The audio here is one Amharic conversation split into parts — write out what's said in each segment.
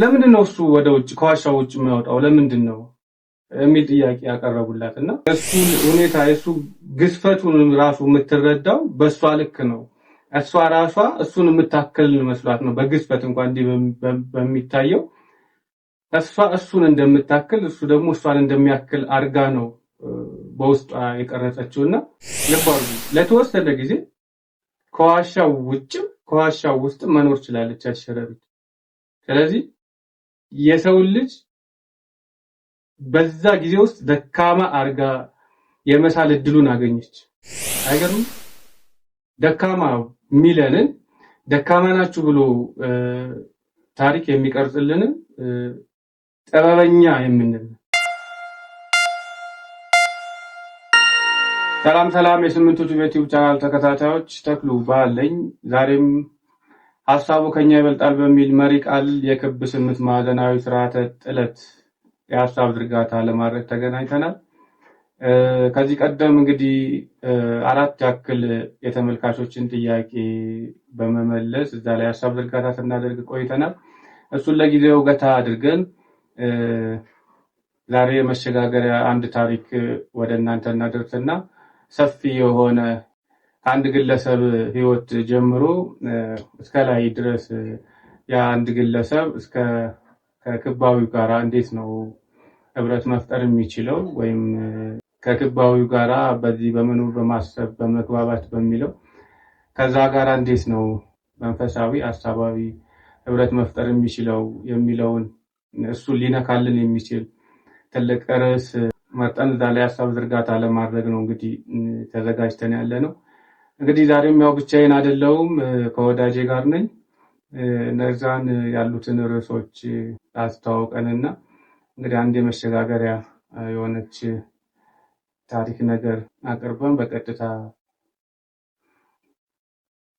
ለምንድን ነው እሱ ወደ ውጭ ከዋሻው ውጭ የሚያወጣው ለምንድን ነው የሚል ጥያቄ ያቀረቡላት እና እሱ ሁኔታ የእሱ ግዝፈቱን ራሱ የምትረዳው በእሷ ልክ ነው። እሷ ራሷ እሱን የምታክል መስሏት ነው በግዝፈት እንኳ እንዲህ በሚታየው እሷ እሱን እንደምታክል እሱ ደግሞ እሷን እንደሚያክል አድርጋ ነው በውስጧ የቀረጸችው እና ልብ ለተወሰነ ጊዜ ከዋሻው ውጭም ከዋሻው ውስጥ መኖር ችላለች ያሸረሪት። ስለዚህ የሰውን ልጅ በዛ ጊዜ ውስጥ ደካማ አርጋ የመሳል እድሉን አገኘች። አይገርም? ደካማ የሚለንን ደካማ ናችሁ ብሎ ታሪክ የሚቀርጽልንን ጥበበኛ የምንል ሰላም ሰላም፣ የስምንቱ ዩቲዩብ ቻናል ተከታታዮች ተክሉ ባለኝ ዛሬም ሀሳቡ ከኛ ይበልጣል በሚል መሪ ቃል የክብ ስምንት ማዕዘናዊ ስርዓተ ጥለት የሀሳብ ዝርጋታ ለማድረግ ተገናኝተናል። ከዚህ ቀደም እንግዲህ አራት ያክል የተመልካቾችን ጥያቄ በመመለስ እዛ ላይ ሀሳብ ዝርጋታ ስናደርግ ቆይተናል። እሱን ለጊዜው ገታ አድርገን ዛሬ የመሸጋገሪያ አንድ ታሪክ ወደ እናንተ እናደርስና ሰፊ የሆነ ከአንድ ግለሰብ ህይወት ጀምሮ እስከ ላይ ድረስ የአንድ ግለሰብ እስከ ከክባዊው ጋራ እንዴት ነው ህብረት መፍጠር የሚችለው ወይም ከክባዊው ጋራ በዚህ በመኖር በማሰብ በመግባባት በሚለው ከዛ ጋራ እንዴት ነው መንፈሳዊ አሳባዊ ህብረት መፍጠር የሚችለው የሚለውን እሱን ሊነካልን የሚችል ትልቅ ርዕስ መርጠን እዛ ላይ ሀሳብ ዝርጋታ ለማድረግ ነው እንግዲህ ተዘጋጅተን ያለ ነው። እንግዲህ ዛሬም ያው ብቻዬን አይደለሁም፣ ከወዳጄ ጋር ነኝ። እነዛን ያሉትን ርዕሶች ላስተዋውቀንና እንግዲህ አንድ የመሸጋገሪያ የሆነች ታሪክ ነገር አቅርበን በቀጥታ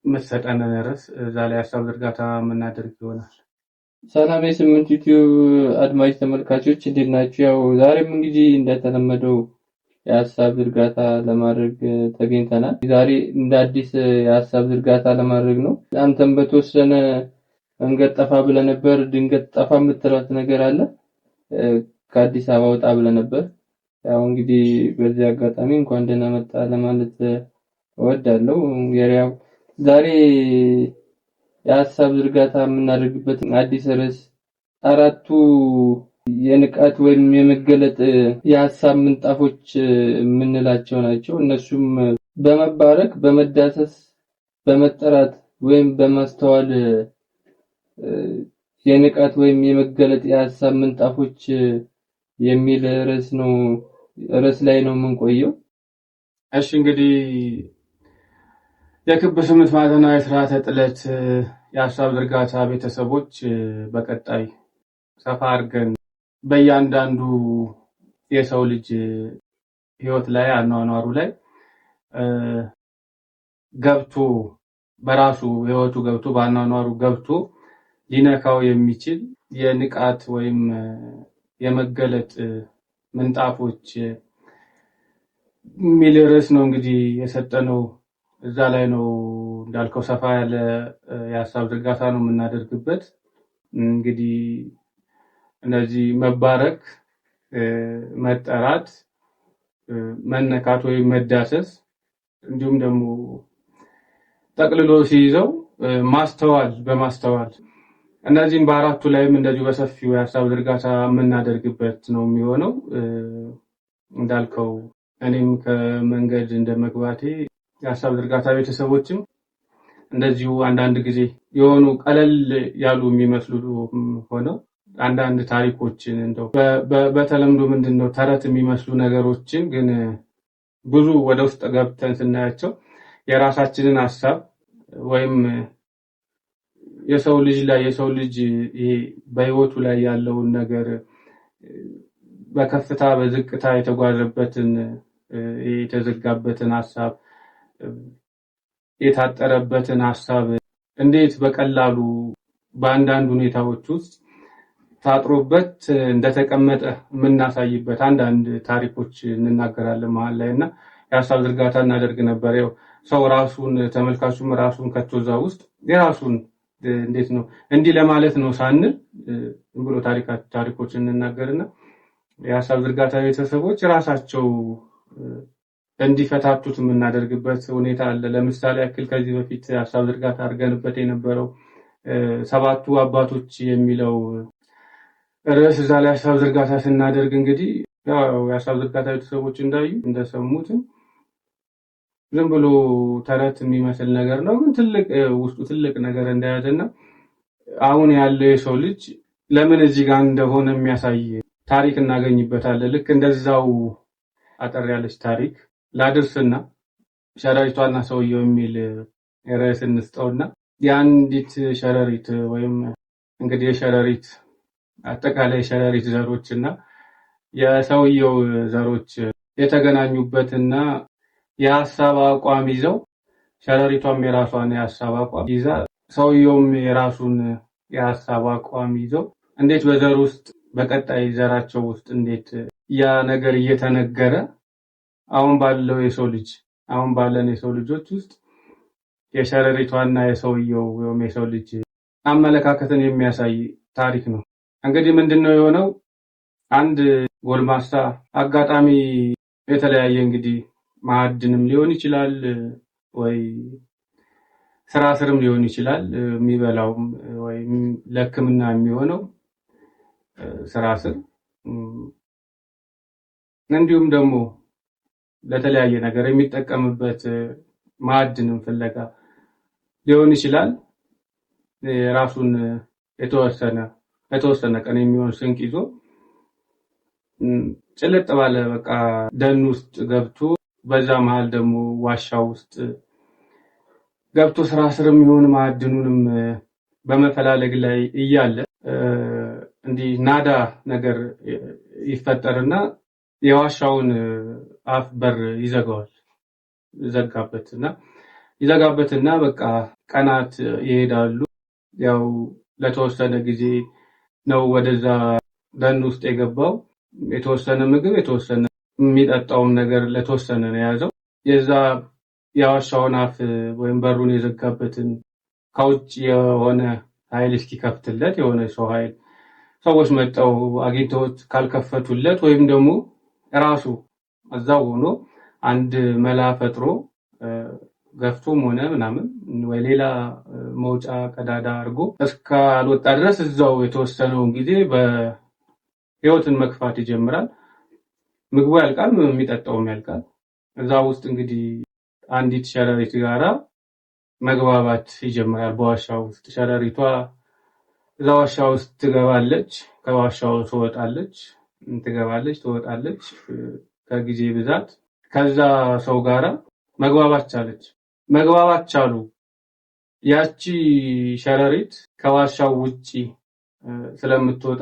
የምትሰጠን ርዕስ እዛ ላይ ሀሳብ ዝርጋታ የምናደርግ ይሆናል። ሰላም የስምንት ዩቲዩብ አድማጭ ተመልካቾች እንዴት ናችሁ? ያው ዛሬም እንግዲህ እንደተለመደው የሀሳብ ዝርጋታ ለማድረግ ተገኝተናል። ዛሬ እንደ አዲስ የሀሳብ ዝርጋታ ለማድረግ ነው። አንተም በተወሰነ መንገድ ጠፋ ብለህ ነበር። ድንገት ጠፋ የምትላት ነገር አለ? ከአዲስ አበባ ወጣ ብለህ ነበር። ያው እንግዲህ በዚህ አጋጣሚ እንኳን ደህና መጣ ለማለት እወዳለሁ። ያው ዛሬ የሀሳብ ዝርጋታ የምናደርግበት አዲስ ርዕስ አራቱ የንቃት ወይም የመገለጥ የሀሳብ ምንጣፎች የምንላቸው ናቸው። እነሱም በመባረክ በመዳሰስ በመጠራት ወይም በማስተዋል የንቃት ወይም የመገለጥ የሀሳብ ምንጣፎች የሚል ርዕስ ነው ርዕስ ላይ ነው የምንቆየው። እሺ እንግዲህ የክብ ስምንት ማዕዘናዊ ስርዓተ ጥለት የሀሳብ ዝርጋታ ቤተሰቦች በቀጣይ ሰፋ አድርገን በእያንዳንዱ የሰው ልጅ ህይወት ላይ አኗኗሩ ላይ ገብቶ በራሱ ህይወቱ ገብቶ በአኗኗሩ ገብቶ ሊነካው የሚችል የንቃት ወይም የመገለጥ ምንጣፎች የሚል ርዕስ ነው እንግዲህ የሰጠነው። እዛ ላይ ነው እንዳልከው ሰፋ ያለ የሀሳብ ዝርጋታ ነው የምናደርግበት እንግዲህ እነዚህ መባረክ፣ መጠራት፣ መነካት ወይም መዳሰስ እንዲሁም ደግሞ ጠቅልሎ ሲይዘው ማስተዋል በማስተዋል እነዚህም በአራቱ ላይም እንደዚሁ በሰፊው የሀሳብ ዝርጋታ የምናደርግበት ነው የሚሆነው። እንዳልከው እኔም ከመንገድ እንደ መግባቴ የሀሳብ ዝርጋታ ቤተሰቦችም እንደዚሁ አንዳንድ ጊዜ የሆኑ ቀለል ያሉ የሚመስሉ ሆነው አንዳንድ ታሪኮችን እንደው በተለምዶ ምንድን ነው ተረት የሚመስሉ ነገሮችን ግን ብዙ ወደ ውስጥ ገብተን ስናያቸው የራሳችንን ሀሳብ ወይም የሰው ልጅ ላይ የሰው ልጅ ይሄ በህይወቱ ላይ ያለውን ነገር በከፍታ በዝቅታ የተጓዘበትን የተዘጋበትን ሀሳብ የታጠረበትን ሀሳብ እንዴት በቀላሉ በአንዳንድ ሁኔታዎች ውስጥ ታጥሮበት እንደተቀመጠ የምናሳይበት አንዳንድ ታሪኮች እንናገራለን መሀል ላይ እና የሀሳብ ዝርጋታ እናደርግ ነበር። ያው ሰው ራሱን ተመልካቹም ራሱን ከቶዛ ውስጥ የራሱን እንዴት ነው እንዲህ ለማለት ነው ሳንል ብሎ ታሪኮች እንናገርና የሀሳብ ዝርጋታ ቤተሰቦች ራሳቸው እንዲፈታቱት የምናደርግበት ሁኔታ አለ። ለምሳሌ ያክል ከዚህ በፊት ሀሳብ ዝርጋታ አድርገንበት የነበረው ሰባቱ አባቶች የሚለው ርዕስ እዛ ላይ ሀሳብ ዝርጋታ ስናደርግ እንግዲህ ያው የሀሳብ ዝርጋታ ቤተሰቦች እንዳዩ እንደሰሙትም ዝም ብሎ ተረት የሚመስል ነገር ነው፣ ግን ትልቅ ውስጡ ትልቅ ነገር እንደያዘና አሁን ያለው የሰው ልጅ ለምን እዚህ ጋር እንደሆነ የሚያሳይ ታሪክ እናገኝበታለን። ልክ እንደዛው አጠር ያለች ታሪክ ላድርስና ሸረሪቷና ሰውየው የሚል ርዕስ እንስጠውና የአንዲት ሸረሪት ወይም እንግዲህ የሸረሪት አጠቃላይ ሸረሪት ዘሮች እና የሰውየው ዘሮች የተገናኙበትና የሀሳብ አቋም ይዘው ሸረሪቷም የራሷን የሀሳብ አቋም ይዛ ሰውየውም የራሱን የሀሳብ አቋም ይዘው እንዴት በዘር ውስጥ በቀጣይ ዘራቸው ውስጥ እንዴት ያ ነገር እየተነገረ አሁን ባለው የሰው ልጅ አሁን ባለን የሰው ልጆች ውስጥ የሸረሪቷና የሰውየው ወይም የሰው ልጅ አመለካከትን የሚያሳይ ታሪክ ነው። እንግዲህ ምንድን ነው የሆነው? አንድ ጎልማሳ አጋጣሚ የተለያየ እንግዲህ ማዕድንም ሊሆን ይችላል ወይ ስራ ስርም ሊሆን ይችላል የሚበላውም ወይም ለሕክምና የሚሆነው ስራ ስር እንዲሁም ደግሞ ለተለያየ ነገር የሚጠቀምበት ማዕድንም ፍለጋ ሊሆን ይችላል። ራሱን የተወሰነ ለተወሰነ ቀን የሚሆን ስንቅ ይዞ ጭልጥ ባለ በቃ ደን ውስጥ ገብቶ በዛ መሀል ደግሞ ዋሻ ውስጥ ገብቶ ስራ ስር የሚሆን ማዕድኑንም በመፈላለግ ላይ እያለ እንዲህ ናዳ ነገር ይፈጠርና የዋሻውን አፍ በር ይዘጋዋል። ይዘጋበትና ይዘጋበትና በቃ ቀናት ይሄዳሉ። ያው ለተወሰነ ጊዜ ነው ወደዛ ደን ውስጥ የገባው። የተወሰነ ምግብ የተወሰነ የሚጠጣውን ነገር ለተወሰነ ነው የያዘው። የዛ የዋሻውን አፍ ወይም በሩን የዘጋበትን ከውጭ የሆነ ኃይል እስኪከፍትለት የሆነ ሰው ኃይል ሰዎች መጠው አግኝተውት ካልከፈቱለት ወይም ደግሞ ራሱ እዛው ሆኖ አንድ መላ ፈጥሮ ገፍቶም ሆነ ምናምን ወይ ሌላ መውጫ ቀዳዳ አድርጎ እስካልወጣ ድረስ እዛው የተወሰነውን ጊዜ በህይወትን መግፋት ይጀምራል። ምግቡ ያልቃል፣ የሚጠጣውም ያልቃል። እዛ ውስጥ እንግዲህ አንዲት ሸረሪት ጋራ መግባባት ይጀምራል። በዋሻ ውስጥ ሸረሪቷ እዛ ዋሻ ውስጥ ትገባለች፣ ከዋሻው ትወጣለች፣ ትገባለች፣ ትወጣለች። ከጊዜ ብዛት ከዛ ሰው ጋራ መግባባት ቻለች። መግባባት ቻሉ። ያቺ ሸረሪት ከዋሻው ውጪ ስለምትወጣ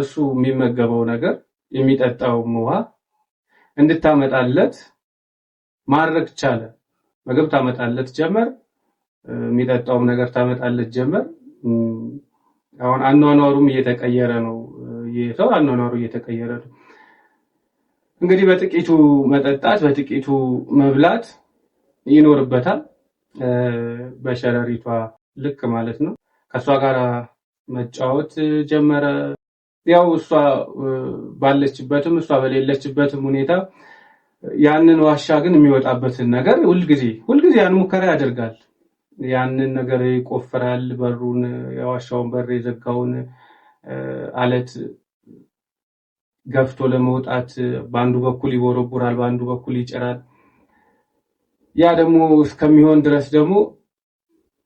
እሱ የሚመገበው ነገር የሚጠጣውም ውሃ እንድታመጣለት ማድረግ ቻለ። ምግብ ታመጣለት ጀመር፣ የሚጠጣውም ነገር ታመጣለት ጀመር። አሁን አኗኗሩም እየተቀየረ ነው። የሰው አኗኗሩ እየተቀየረ ነው። እንግዲህ በጥቂቱ መጠጣት፣ በጥቂቱ መብላት ይኖርበታል። በሸረሪቷ ልክ ማለት ነው። ከእሷ ጋር መጫወት ጀመረ። ያው እሷ ባለችበትም እሷ በሌለችበትም ሁኔታ ያንን ዋሻ ግን የሚወጣበትን ነገር ሁልጊዜ ሁልጊዜ ያን ሙከራ ያደርጋል። ያንን ነገር ይቆፍራል። በሩን የዋሻውን በር የዘጋውን አለት ገፍቶ ለመውጣት በአንዱ በኩል ይቦረቡራል፣ በአንዱ በኩል ይጭራል። ያ ደግሞ እስከሚሆን ድረስ ደግሞ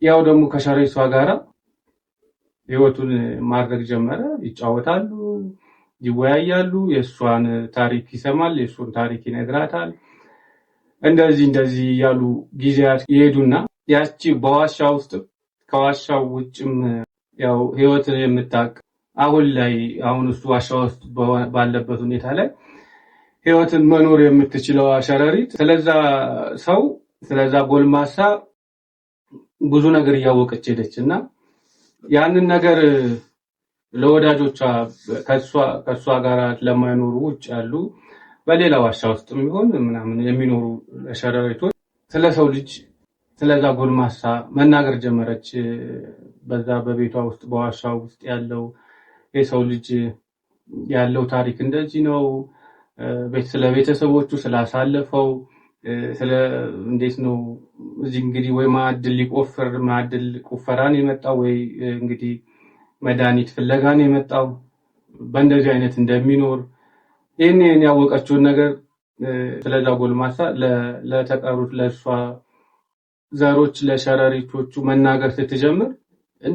ያው ደግሞ ከሸረሪቷ ጋራ ህይወቱን ማድረግ ጀመረ። ይጫወታሉ፣ ይወያያሉ። የእሷን ታሪክ ይሰማል፣ የእሱን ታሪክ ይነግራታል። እንደዚህ እንደዚህ እያሉ ጊዜያት ይሄዱና ያቺ በዋሻ ውስጥ ከዋሻው ውጭም ያው ህይወትን የምታውቅ አሁን ላይ አሁን እሱ ዋሻ ውስጥ ባለበት ሁኔታ ላይ ህይወትን መኖር የምትችለው ሸረሪት ስለዛ ሰው ስለዛ ጎልማሳ ብዙ ነገር እያወቀች ሄደች እና ያንን ነገር ለወዳጆቿ ከእሷ ጋር ለማይኖሩ ውጭ ያሉ በሌላ ዋሻ ውስጥ የሚሆን ምናምን የሚኖሩ ሸረሪቶች ስለ ሰው ልጅ ስለዛ ጎልማሳ መናገር ጀመረች። በዛ በቤቷ ውስጥ በዋሻ ውስጥ ያለው የሰው ልጅ ያለው ታሪክ እንደዚህ ነው ስለ ቤተሰቦቹ ስላሳለፈው ስለ እንዴት ነው እዚህ እንግዲህ ወይ ማዕድል ሊቆፍር ማዕድል ቁፈራን የመጣው ወይ እንግዲህ መድኃኒት ፍለጋን የመጣው በእንደዚህ አይነት እንደሚኖር ይህን ይህን ያወቀችውን ነገር ስለዛ ጎልማሳ ለተቀሩት ለእሷ ዘሮች ለሸረሪቶቹ መናገር ስትጀምር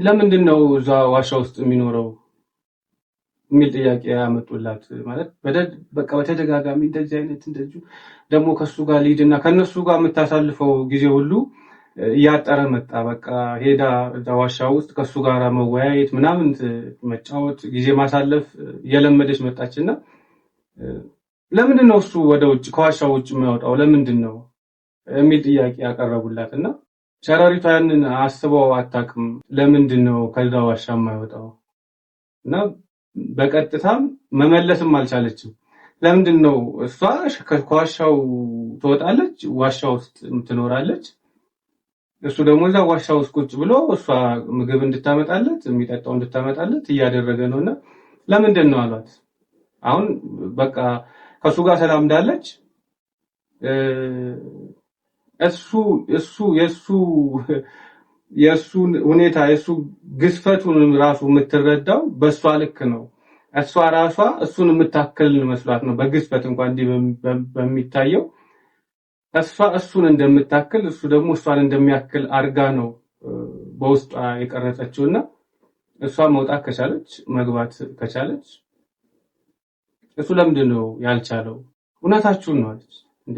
ለምንድን ነው እዛ ዋሻ ውስጥ የሚኖረው የሚል ጥያቄ ያመጡላት ማለት በቃ በተደጋጋሚ እንደዚህ አይነት እንደዚሁ ደግሞ ከሱ ጋር ሊድ እና ከነሱ ጋር የምታሳልፈው ጊዜ ሁሉ እያጠረ መጣ። በቃ ሄዳ እዛ ዋሻ ውስጥ ከሱ ጋር መወያየት ምናምን መጫወት ጊዜ ማሳለፍ እየለመደች መጣች እና ለምንድን ነው እሱ ወደ ውጭ ከዋሻ ውጭ የሚያወጣው ለምንድን ነው የሚል ጥያቄ ያቀረቡላት እና ሸረሪቷ ያንን አስበው አታውቅም። ለምንድን ነው ከዛ ዋሻ የማይወጣው እና በቀጥታም መመለስም አልቻለችም። ለምንድን ነው እሷ ከዋሻው ትወጣለች፣ ዋሻ ውስጥ ትኖራለች። እሱ ደግሞ እዛ ዋሻ ውስጥ ቁጭ ብሎ እሷ ምግብ እንድታመጣለት የሚጠጣው እንድታመጣለት እያደረገ ነው። እና ለምንድን ነው አሏት። አሁን በቃ ከእሱ ጋር ሰላም እንዳለች እሱ እሱ የእሱ የእሱ ሁኔታ የእሱ ግዝፈቱን ራሱ የምትረዳው በእሷ ልክ ነው። እሷ ራሷ እሱን የምታክል መስሏት ነው በግዝፈት እንኳን እንዲህ በሚታየው እሷ እሱን እንደምታክል እሱ ደግሞ እሷን እንደሚያክል አድርጋ ነው በውስጧ የቀረጸችው እና እሷ መውጣት ከቻለች መግባት ከቻለች እሱ ለምንድን ነው ያልቻለው? እውነታችሁን ነው አለች። እንዴ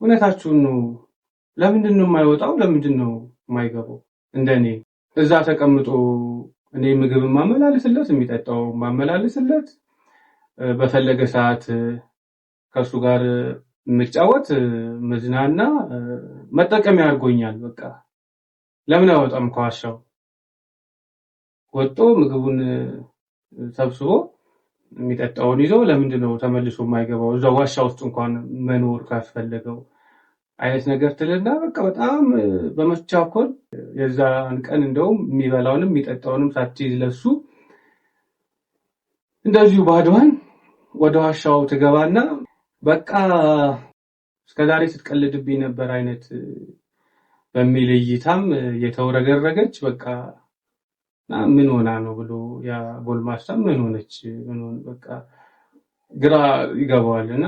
እውነታችሁን ነው። ለምንድን ነው የማይወጣው? ለምንድን ነው የማይገባው እንደ እኔ እዛ ተቀምጦ እኔ ምግብ ማመላልስለት የሚጠጣው ማመላልስለት በፈለገ ሰዓት ከእሱ ጋር የምጫወት መዝናና መጠቀሚያ አድርጎኛል። በቃ ለምን አይወጣም ከዋሻው ወጦ ምግቡን ሰብስቦ የሚጠጣውን ይዞ ለምንድን ነው ተመልሶ የማይገባው? እዛ ዋሻ ውስጥ እንኳን መኖር ካስፈለገው አይነት ነገር ትልና በቃ በጣም በመቻኮል የዛን ቀን እንደውም የሚበላውንም የሚጠጣውንም ሳትይዝ ለሱ እንደዚሁ ባድዋን ወደ ዋሻው ትገባና በቃ እስከዛሬ ስትቀልድብኝ ነበር አይነት በሚል እይታም የተውረገረገች በቃ ምን ሆና ነው ብሎ ያ ጎልማሳ ምን ሆነች በቃ ግራ ይገባዋልና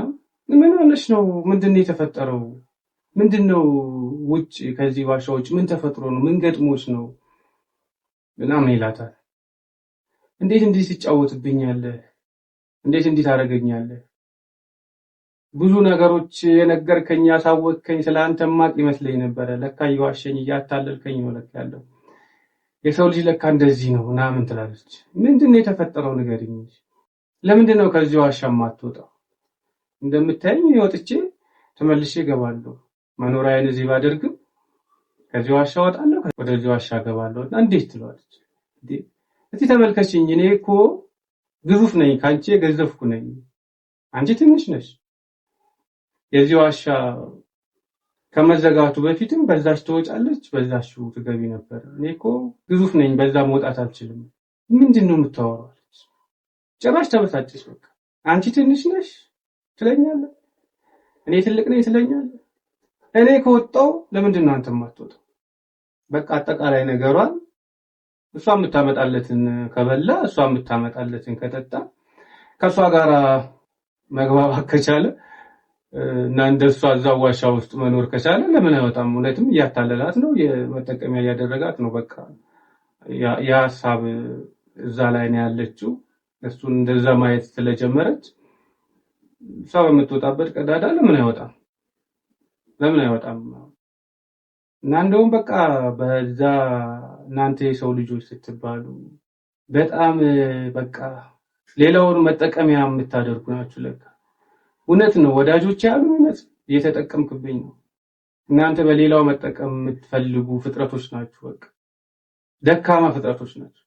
ምን ሆነች ነው ምንድን የተፈጠረው ምንድን ነው ውጭ ከዚህ ዋሻ ውጭ ምን ተፈጥሮ ነው? ምን ገጥሞች ነው ምናምን ይላታል። እንዴት እንዲህ ትጫወትብኛለህ? እንዴት እንዲህ ታደርገኛለህ? ብዙ ነገሮች የነገርከኝ ያሳወቅከኝ፣ ስለ አንተ ማቅ ይመስለኝ ነበረ። ለካ እየዋሸኝ እያታለልከኝ ነው ለካ ያለው የሰው ልጅ ለካ እንደዚህ ነው ምናምን ትላለች። ምንድን ነው የተፈጠረው ንገሪኝ ለምንድን ነው ከዚህ ዋሻ የማትወጣው? እንደምታየኝ ወጥቼ ተመልሼ እገባለሁ። መኖሪያዬን እዚህ ባደርግም ከዚህ ዋሻ እወጣለሁ ወደዚህ ዋሻ እገባለሁ እና እንዴት ትለዋለች። እስቲ ተመልከችኝ፣ እኔ እኮ ግዙፍ ነኝ፣ ከአንቺ የገዘፍኩ ነኝ፣ አንቺ ትንሽ ነሽ። የዚህ ዋሻ ከመዘጋቱ በፊትም በዛች ትወጫለች፣ በዛች ትገቢ ነበር። እኔ እኮ ግዙፍ ነኝ፣ በዛ መውጣት አልችልም። ምንድን ነው የምታወራለች ጭራሽ ተበሳጨች። በቃ አንቺ ትንሽ ነሽ ትለኛለ፣ እኔ ትልቅ ነኝ ትለኛለ እኔ ከወጣው ለምንድን ነው አንተ የማትወጣው? በቃ አጠቃላይ ነገሯን እሷ የምታመጣለትን ከበላ እሷ የምታመጣለትን ከጠጣ ከእሷ ጋር መግባባት ከቻለ እና እንደ እሷ ዋሻ ውስጥ መኖር ከቻለ ለምን አይወጣም? እውነትም እያታለላት ነው፣ የመጠቀሚያ እያደረጋት ነው። በቃ የሀሳብ እዛ ላይ ነው ያለችው። እሱን እንደዛ ማየት ስለጀመረች እሷ በምትወጣበት ቀዳዳ ለምን አይወጣም? ለምን አይወጣም? እና እንደውም በቃ በዛ እናንተ የሰው ልጆች ስትባሉ በጣም በቃ ሌላውን መጠቀሚያ የምታደርጉ ናችሁ። ለካ እውነት ነው ወዳጆች ያሉ እውነት እየተጠቀምክብኝ ነው። እናንተ በሌላው መጠቀም የምትፈልጉ ፍጥረቶች ናችሁ። በቃ ደካማ ፍጥረቶች ናችሁ።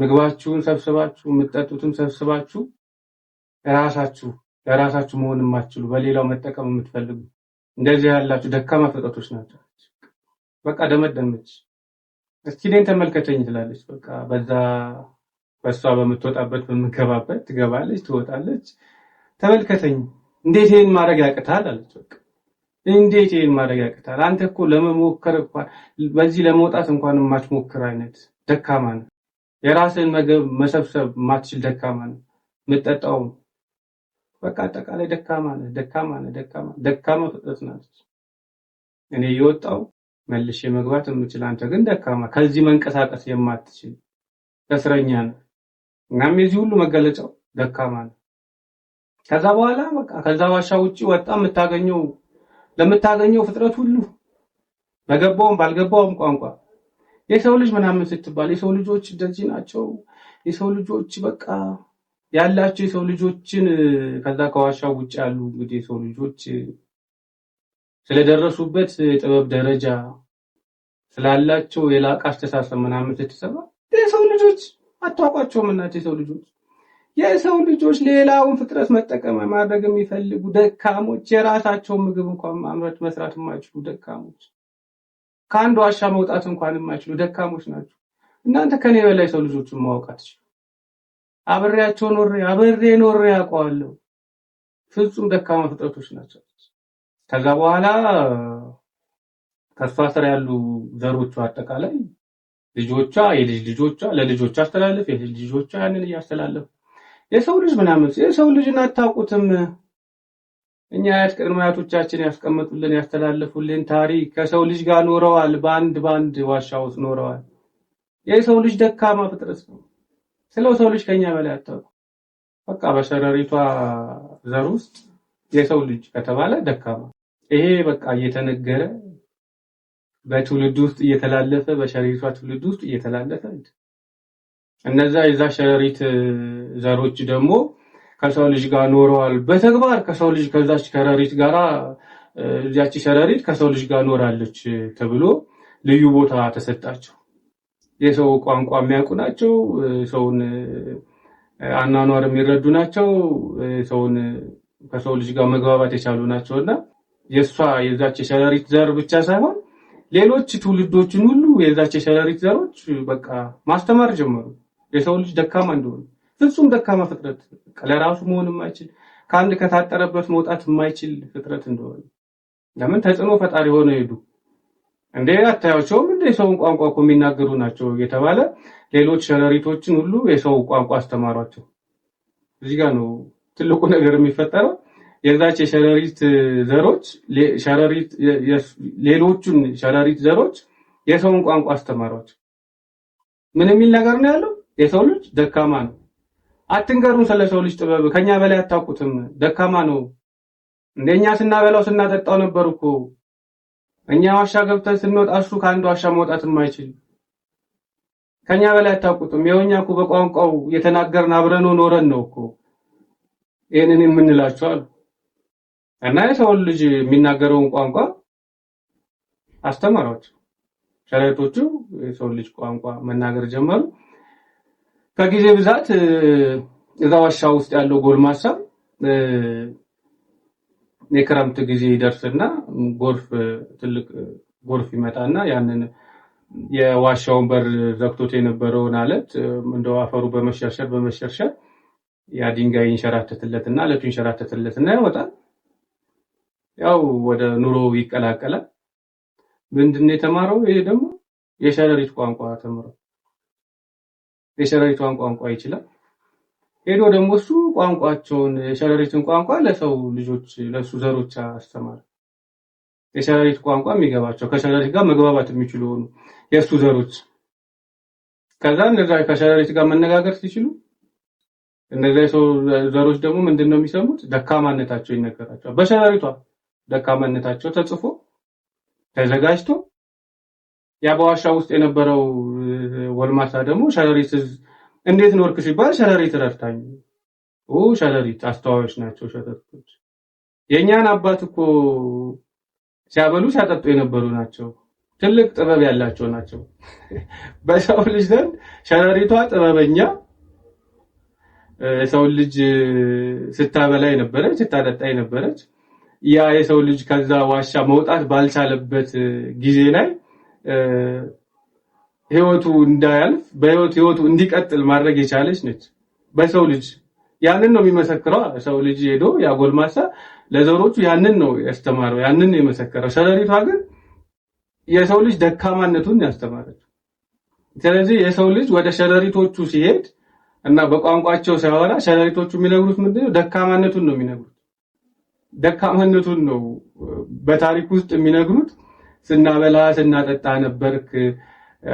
ምግባችሁን ሰብስባችሁ የምትጠጡትን ሰብስባችሁ ራሳችሁ ለራሳችሁ መሆን የማትችሉ በሌላው መጠቀም የምትፈልጉ እንደዚህ ያላችሁ ደካማ ፍጥረቶች ናቸው። በቃ ደመደመች። እስኪ እኔን ተመልከተኝ ትላለች። በቃ በዛ በእሷ በምትወጣበት በምገባበት ትገባለች፣ ትወጣለች። ተመልከተኝ፣ እንዴት ይሄን ማድረግ ያቅታል አለች። በቃ እንዴት ይሄን ማድረግ ያቅታል? አንተ እኮ ለመሞከር እንኳን በዚህ ለመውጣት እንኳን የማትሞክር አይነት ደካማ ነው። የራስን መገብ መሰብሰብ ማትችል ደካማ ነው። የምጠጣውም በቃ አጠቃላይ ደካማ ነህ፣ ደካማ ነህ፣ ደካማ ደካማ ፍጥረት ናት። እኔ የወጣው መልሼ መግባት የምችል አንተ ግን ደካማ፣ ከዚህ መንቀሳቀስ የማትችል እስረኛ ነህ። እናም የዚህ ሁሉ መገለጫው ደካማ ነህ። ከዛ በኋላ በቃ ከዛ ዋሻ ውጪ ወጣ የምታገኘው ለምታገኘው ፍጥረት ሁሉ በገባውም ባልገባውም ቋንቋ የሰው ልጅ ምናምን ስትባል የሰው ልጆች እንደዚህ ናቸው፣ የሰው ልጆች በቃ ያላቸው የሰው ልጆችን ከዛ ከዋሻው ውጭ ያሉ እንግዲህ የሰው ልጆች ስለደረሱበት የጥበብ ደረጃ ስላላቸው የላቀ አስተሳሰብ ምናምን ስትሰማ የሰው ልጆች አታውቋቸውም። እናት የሰው ልጆች የሰው ልጆች ሌላውን ፍጥረት መጠቀም ማድረግ የሚፈልጉ ደካሞች፣ የራሳቸውን ምግብ እንኳን ማምረት መስራት የማይችሉ ደካሞች፣ ከአንድ ዋሻ መውጣት እንኳን የማይችሉ ደካሞች ናቸው። እናንተ ከኔ በላይ የሰው ልጆችን ማወቅ አትችሉ። አብሬያቸው ኖሬ አብሬ ኖሬ አውቀዋለሁ። ፍጹም ደካማ ፍጥረቶች ናቸው። ከዛ በኋላ ከሷ ስር ያሉ ዘሮቿ አጠቃላይ ልጆቿ፣ የልጅ ልጆቿ፣ ለልጆቿ አስተላለፍ የልጅ ልጆቿ ያንን እያስተላለፉ የሰው ልጅ ምናምን የሰው ልጅ አታውቁትም። እኛ አያት ቅድመ አያቶቻችን ያስቀመጡልን ያስተላለፉልን ታሪክ ከሰው ልጅ ጋር ኖረዋል። በአንድ በአንድ ዋሻ ውስጥ ኖረዋል። የሰው ልጅ ደካማ ፍጥረት ነው። ስለው ሰው ልጅ ከኛ በላይ አታውቁ። በቃ በሸረሪቷ ዘር ውስጥ የሰው ልጅ ከተባለ ደካማ ይሄ በቃ እየተነገረ በትውልድ ውስጥ እየተላለፈ በሸረሪቷ ትውልድ ውስጥ እየተላለፈ እነዛ የዛ ሸረሪት ዘሮች ደግሞ ከሰው ልጅ ጋር ኖረዋል። በተግባር ከሰው ልጅ ከዛች ሸረሪት ጋራ እዚያች ሸረሪት ከሰው ልጅ ጋር ኖራለች ተብሎ ልዩ ቦታ ተሰጣቸው። የሰው ቋንቋ የሚያውቁ ናቸው። ሰውን አኗኗር የሚረዱ ናቸው። ሰውን ከሰው ልጅ ጋር መግባባት የቻሉ ናቸው እና የእሷ የዛች የሸረሪት ዘር ብቻ ሳይሆን ሌሎች ትውልዶችን ሁሉ የዛች የሸረሪት ዘሮች በቃ ማስተማር ጀመሩ። የሰው ልጅ ደካማ እንደሆነ ፍጹም ደካማ ፍጥረት ለራሱ መሆን የማይችል ከአንድ ከታጠረበት መውጣት የማይችል ፍጥረት እንደሆነ ለምን ተጽዕኖ ፈጣሪ ሆነው ሄዱ። እንደ አታያቸውም? እንደ የሰውን ቋንቋ እኮ የሚናገሩ ናቸው እየተባለ ሌሎች ሸረሪቶችን ሁሉ የሰው ቋንቋ አስተማሯቸው። እዚህ ጋር ነው ትልቁ ነገር የሚፈጠረው። የዛች የሸረሪት ዘሮች ሌሎቹን ሸረሪት ዘሮች የሰውን ቋንቋ አስተማሯቸው። ምን የሚል ነገር ነው ያለው? የሰው ልጅ ደካማ ነው፣ አትንገሩን ስለ ሰው ልጅ ጥበብ፣ ከኛ በላይ አታውቁትም፣ ደካማ ነው። እንደኛ ስናበላው ስናጠጣው ነበር እኮ እኛ ዋሻ ገብተን ስንወጣ እሱ ከአንድ ዋሻ መውጣት የማይችል ከኛ በላይ አታውቁትም። ይኸው እኛ እኮ በቋንቋው የተናገርን አብረን ኖረን ነው እኮ ይህንን የምንላቸዋል። እና የሰውን ልጅ የሚናገረውን ቋንቋ አስተማሯቸው ሸረቶቹ የሰውን ልጅ ቋንቋ መናገር ጀመሩ። ከጊዜ ብዛት እዛ ዋሻ ውስጥ ያለው ጎልማሳ የክረምት ጊዜ ይደርስና ጎርፍ ትልቅ ጎርፍ ይመጣና ያንን የዋሻውን በር ዘግቶት የነበረውን አለት እንደው አፈሩ በመሸርሸር በመሸርሸር ያ ድንጋይ ይንሸራተትለትና አለቱ ይንሸራተትለትና ይወጣል። ያው ወደ ኑሮ ይቀላቀላል። ምንድን ነው የተማረው? ይሄ ደግሞ የሸረሪት ቋንቋ ተምሮ የሸረሪቷን ቋንቋ ይችላል። ሄዶ ደግሞ እሱ ቋንቋቸውን የሸረሪትን ቋንቋ ለሰው ልጆች ለእሱ ዘሮች አስተማረ። የሸረሪት ቋንቋ የሚገባቸው ከሸረሪት ጋር መግባባት የሚችሉ ሆኑ የእሱ ዘሮች። ከዛ እነዛ ከሸረሪት ጋር መነጋገር ሲችሉ እነዚ የሰው ዘሮች ደግሞ ምንድን ነው የሚሰሙት? ደካማነታቸው ይነገራቸዋል። በሸረሪቷ ደካማነታቸው ተጽፎ ተዘጋጅቶ ያ በዋሻ ውስጥ የነበረው ወልማሳ ደግሞ ሸረሪት እንዴት ኖርክ ሲባል ሸረሪት ረድታኝ። ሸረሪት አስተዋዮች ናቸው ሸረሪቶች። የእኛን አባት እኮ ሲያበሉ ሲያጠጡ የነበሩ ናቸው። ትልቅ ጥበብ ያላቸው ናቸው። በሰው ልጅ ዘንድ ሸረሪቷ ጥበበኛ፣ የሰው ልጅ ስታበላ የነበረች ስታጠጣ የነበረች ያ የሰው ልጅ ከዛ ዋሻ መውጣት ባልቻለበት ጊዜ ላይ ህይወቱ እንዳያልፍ በህይወት ህይወቱ እንዲቀጥል ማድረግ የቻለች ነች። በሰው ልጅ ያንን ነው የሚመሰክረው። ሰው ልጅ ሄዶ ያጎልማሳ ለዘሮቹ ያንን ነው ያስተማረው፣ ያንን ነው የመሰከረው። ሰረሪቷ ግን የሰው ልጅ ደካማነቱን ያስተማረችው። ስለዚህ የሰው ልጅ ወደ ሸረሪቶቹ ሲሄድ እና በቋንቋቸው ሲያወራ ሸረሪቶቹ የሚነግሩት ምንድን ደካማነቱን ነው የሚነግሩት። ደካማነቱን ነው በታሪክ ውስጥ የሚነግሩት። ስናበላ ስናጠጣ ነበርክ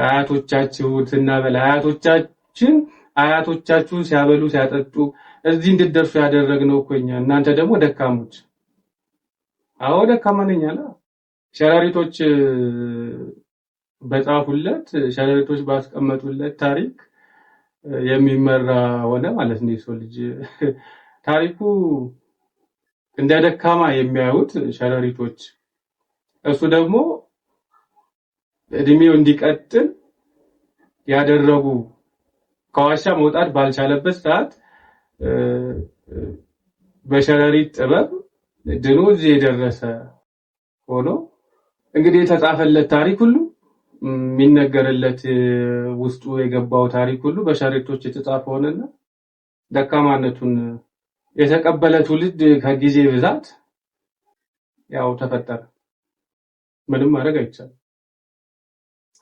አያቶቻችሁ ስናበላ አያቶቻችን አያቶቻችሁን ሲያበሉ ሲያጠጡ እዚህ እንድትደርሱ ያደረግነው እኮ እኛ። እናንተ ደግሞ ደካሞች። አዎ ደካማ ነኝ አለ ሸረሪቶች በጻፉለት ሸረሪቶች ባስቀመጡለት ታሪክ የሚመራ ሆነ ማለት ነው። የሰው ልጅ ታሪኩ እንደ ደካማ የሚያዩት ሸረሪቶች እሱ ደግሞ እድሜው እንዲቀጥል ያደረጉ ከዋሻ መውጣት ባልቻለበት ሰዓት በሸረሪት ጥበብ ድኖ እዚህ የደረሰ ሆኖ እንግዲህ የተጻፈለት ታሪክ ሁሉ የሚነገርለት ውስጡ የገባው ታሪክ ሁሉ በሸሪቶች የተጻፈ ሆነና ደካማነቱን የተቀበለ ትውልድ ከጊዜ ብዛት ያው ተፈጠረ። ምንም ማድረግ አይቻልም።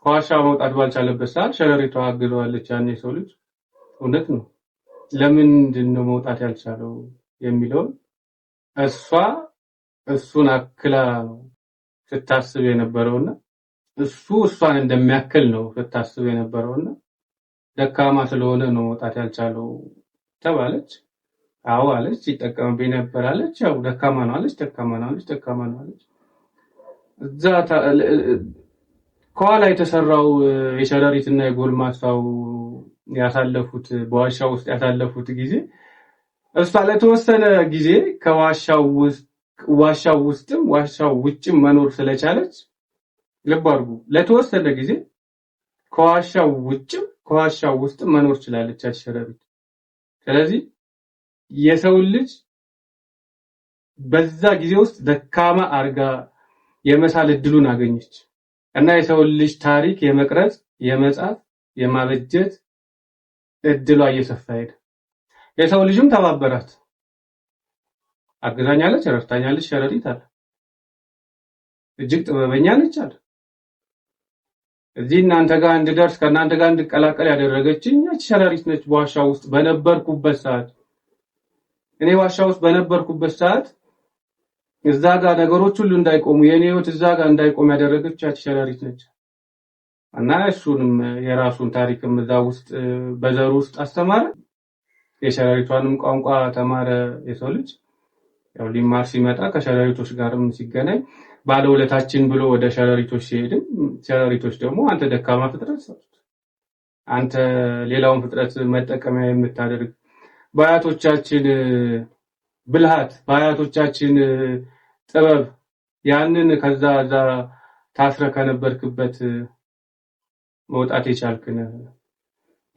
ከዋሻ መውጣት ባልቻለበት ሰዓት ሸረሪቷ አግዘዋለች። ያኔ የሰው ልጅ እውነት ነው። ለምንድን ነው መውጣት ያልቻለው የሚለውን እሷ እሱን አክላ ነው ስታስብ የነበረውና እሱ እሷን እንደሚያክል ነው ስታስብ የነበረውና ደካማ ስለሆነ ነው መውጣት ያልቻለው ተባለች። አዎ አለች። ይጠቀምብኝ ነበር አለች። ያው ደካማ ነው አለች። ደካማ ነው አለች። ደካማ ነው አለች። እዛ ከኋላ የተሰራው የሸረሪትና የጎልማሳው ያሳለፉት በዋሻ ውስጥ ያሳለፉት ጊዜ እሷ ለተወሰነ ጊዜ ከዋሻው ዋሻው ውስጥም ዋሻው ውጭም መኖር ስለቻለች ልብ አድርጉ። ለተወሰነ ጊዜ ከዋሻው ውጭም ከዋሻው ውስጥም መኖር ችላለች አሸረሪት። ስለዚህ የሰው ልጅ በዛ ጊዜ ውስጥ ደካማ አርጋ የመሳል እድሉን አገኘች። እና የሰው ልጅ ታሪክ የመቅረጽ የመጻፍ የማበጀት እድሏ እየሰፋ ሄደ። የሰው ልጅም ተባበራት። አግዛኛለች፣ ረድታኛለች፣ ሸረሪት አለ። እጅግ ጥበበኛ ነች አለ። እዚህ እናንተ ጋር እንድደርስ ከእናንተ ጋር እንድቀላቀል ያደረገችኝ ያቺ ሸረሪት ነች። በዋሻ ውስጥ በነበርኩበት ሰዓት እኔ ዋሻ ውስጥ በነበርኩበት ሰዓት እዛ ጋር ነገሮች ሁሉ እንዳይቆሙ ህይወት እዛ ጋር እንዳይቆም ያደረገች ያቺ ሸረሪት ነች። እና እሱንም የራሱን ታሪክም እዛ ውስጥ በዘሩ ውስጥ አስተማረ። የሸረሪቷንም ቋንቋ ተማረ። የሰው ልጅ ያው ሊማር ሲመጣ ከሸረሪቶች ጋርም ሲገናኝ ባለውለታችን ብሎ ወደ ሸረሪቶች ሲሄድም ሸረሪቶች ደግሞ አንተ ደካማ ፍጥረት፣ አንተ ሌላውን ፍጥረት መጠቀሚያ የምታደርግ በአያቶቻችን ብልሃት በአያቶቻችን ጥበብ ያንን ከዛ ዛ ታስረ ከነበርክበት መውጣት የቻልክን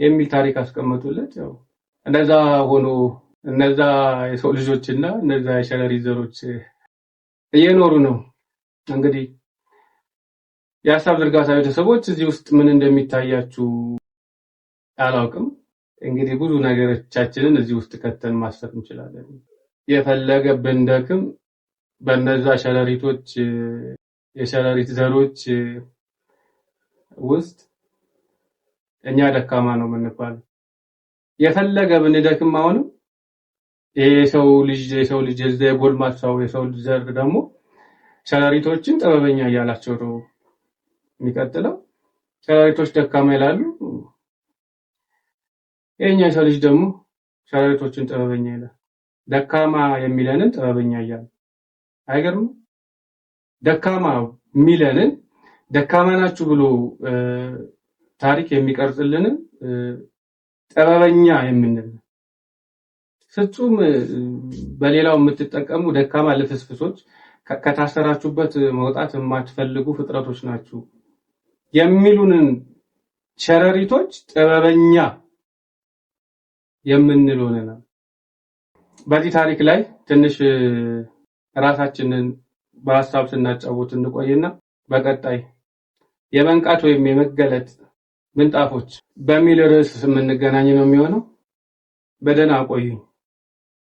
የሚል ታሪክ አስቀመጡለት። ያው እንደዛ ሆኖ እነዛ የሰው ልጆችና እነዛ የሸለሪ ዘሮች እየኖሩ ነው። እንግዲህ የሀሳብ ዝርጋታ ቤተሰቦች እዚህ ውስጥ ምን እንደሚታያችሁ አላውቅም። እንግዲህ ብዙ ነገሮቻችንን እዚህ ውስጥ ከተን ማሰብ እንችላለን። የፈለገ ደክም በነዛ ሸረሪቶች የሸረሪት ዘሮች ውስጥ እኛ ደካማ ነው የምንባለው። የፈለገ ብንደክም አሁንም ይሄ የሰው ልጅ የሰው ልጅ የጎልማሳው የሰው ልጅ ዘር ደግሞ ሸረሪቶችን ጥበበኛ እያላቸው ነው የሚቀጥለው። ሸረሪቶች ደካማ ይላሉ። የኛ የሰው ልጅ ደግሞ ሸረሪቶችን ጥበበኛ ይላል። ደካማ የሚለንን ጥበበኛ እያለ አይገርም። ደካማ የሚለንን ደካማ ናችሁ ብሎ ታሪክ የሚቀርጽልንን ጥበበኛ የምንል ፍጹም በሌላው የምትጠቀሙ ደካማ ልፍስፍሶች ከታሰራችሁበት መውጣት የማትፈልጉ ፍጥረቶች ናችሁ የሚሉንን ሸረሪቶች ጥበበኛ የምንል ሆነናል። በዚህ ታሪክ ላይ ትንሽ ራሳችንን በሀሳብ ስናጫውት እንቆይና በቀጣይ የመንቃት ወይም የመገለጥ ምንጣፎች በሚል ርዕስ የምንገናኝ ነው የሚሆነው። በደህና አቆዩኝ።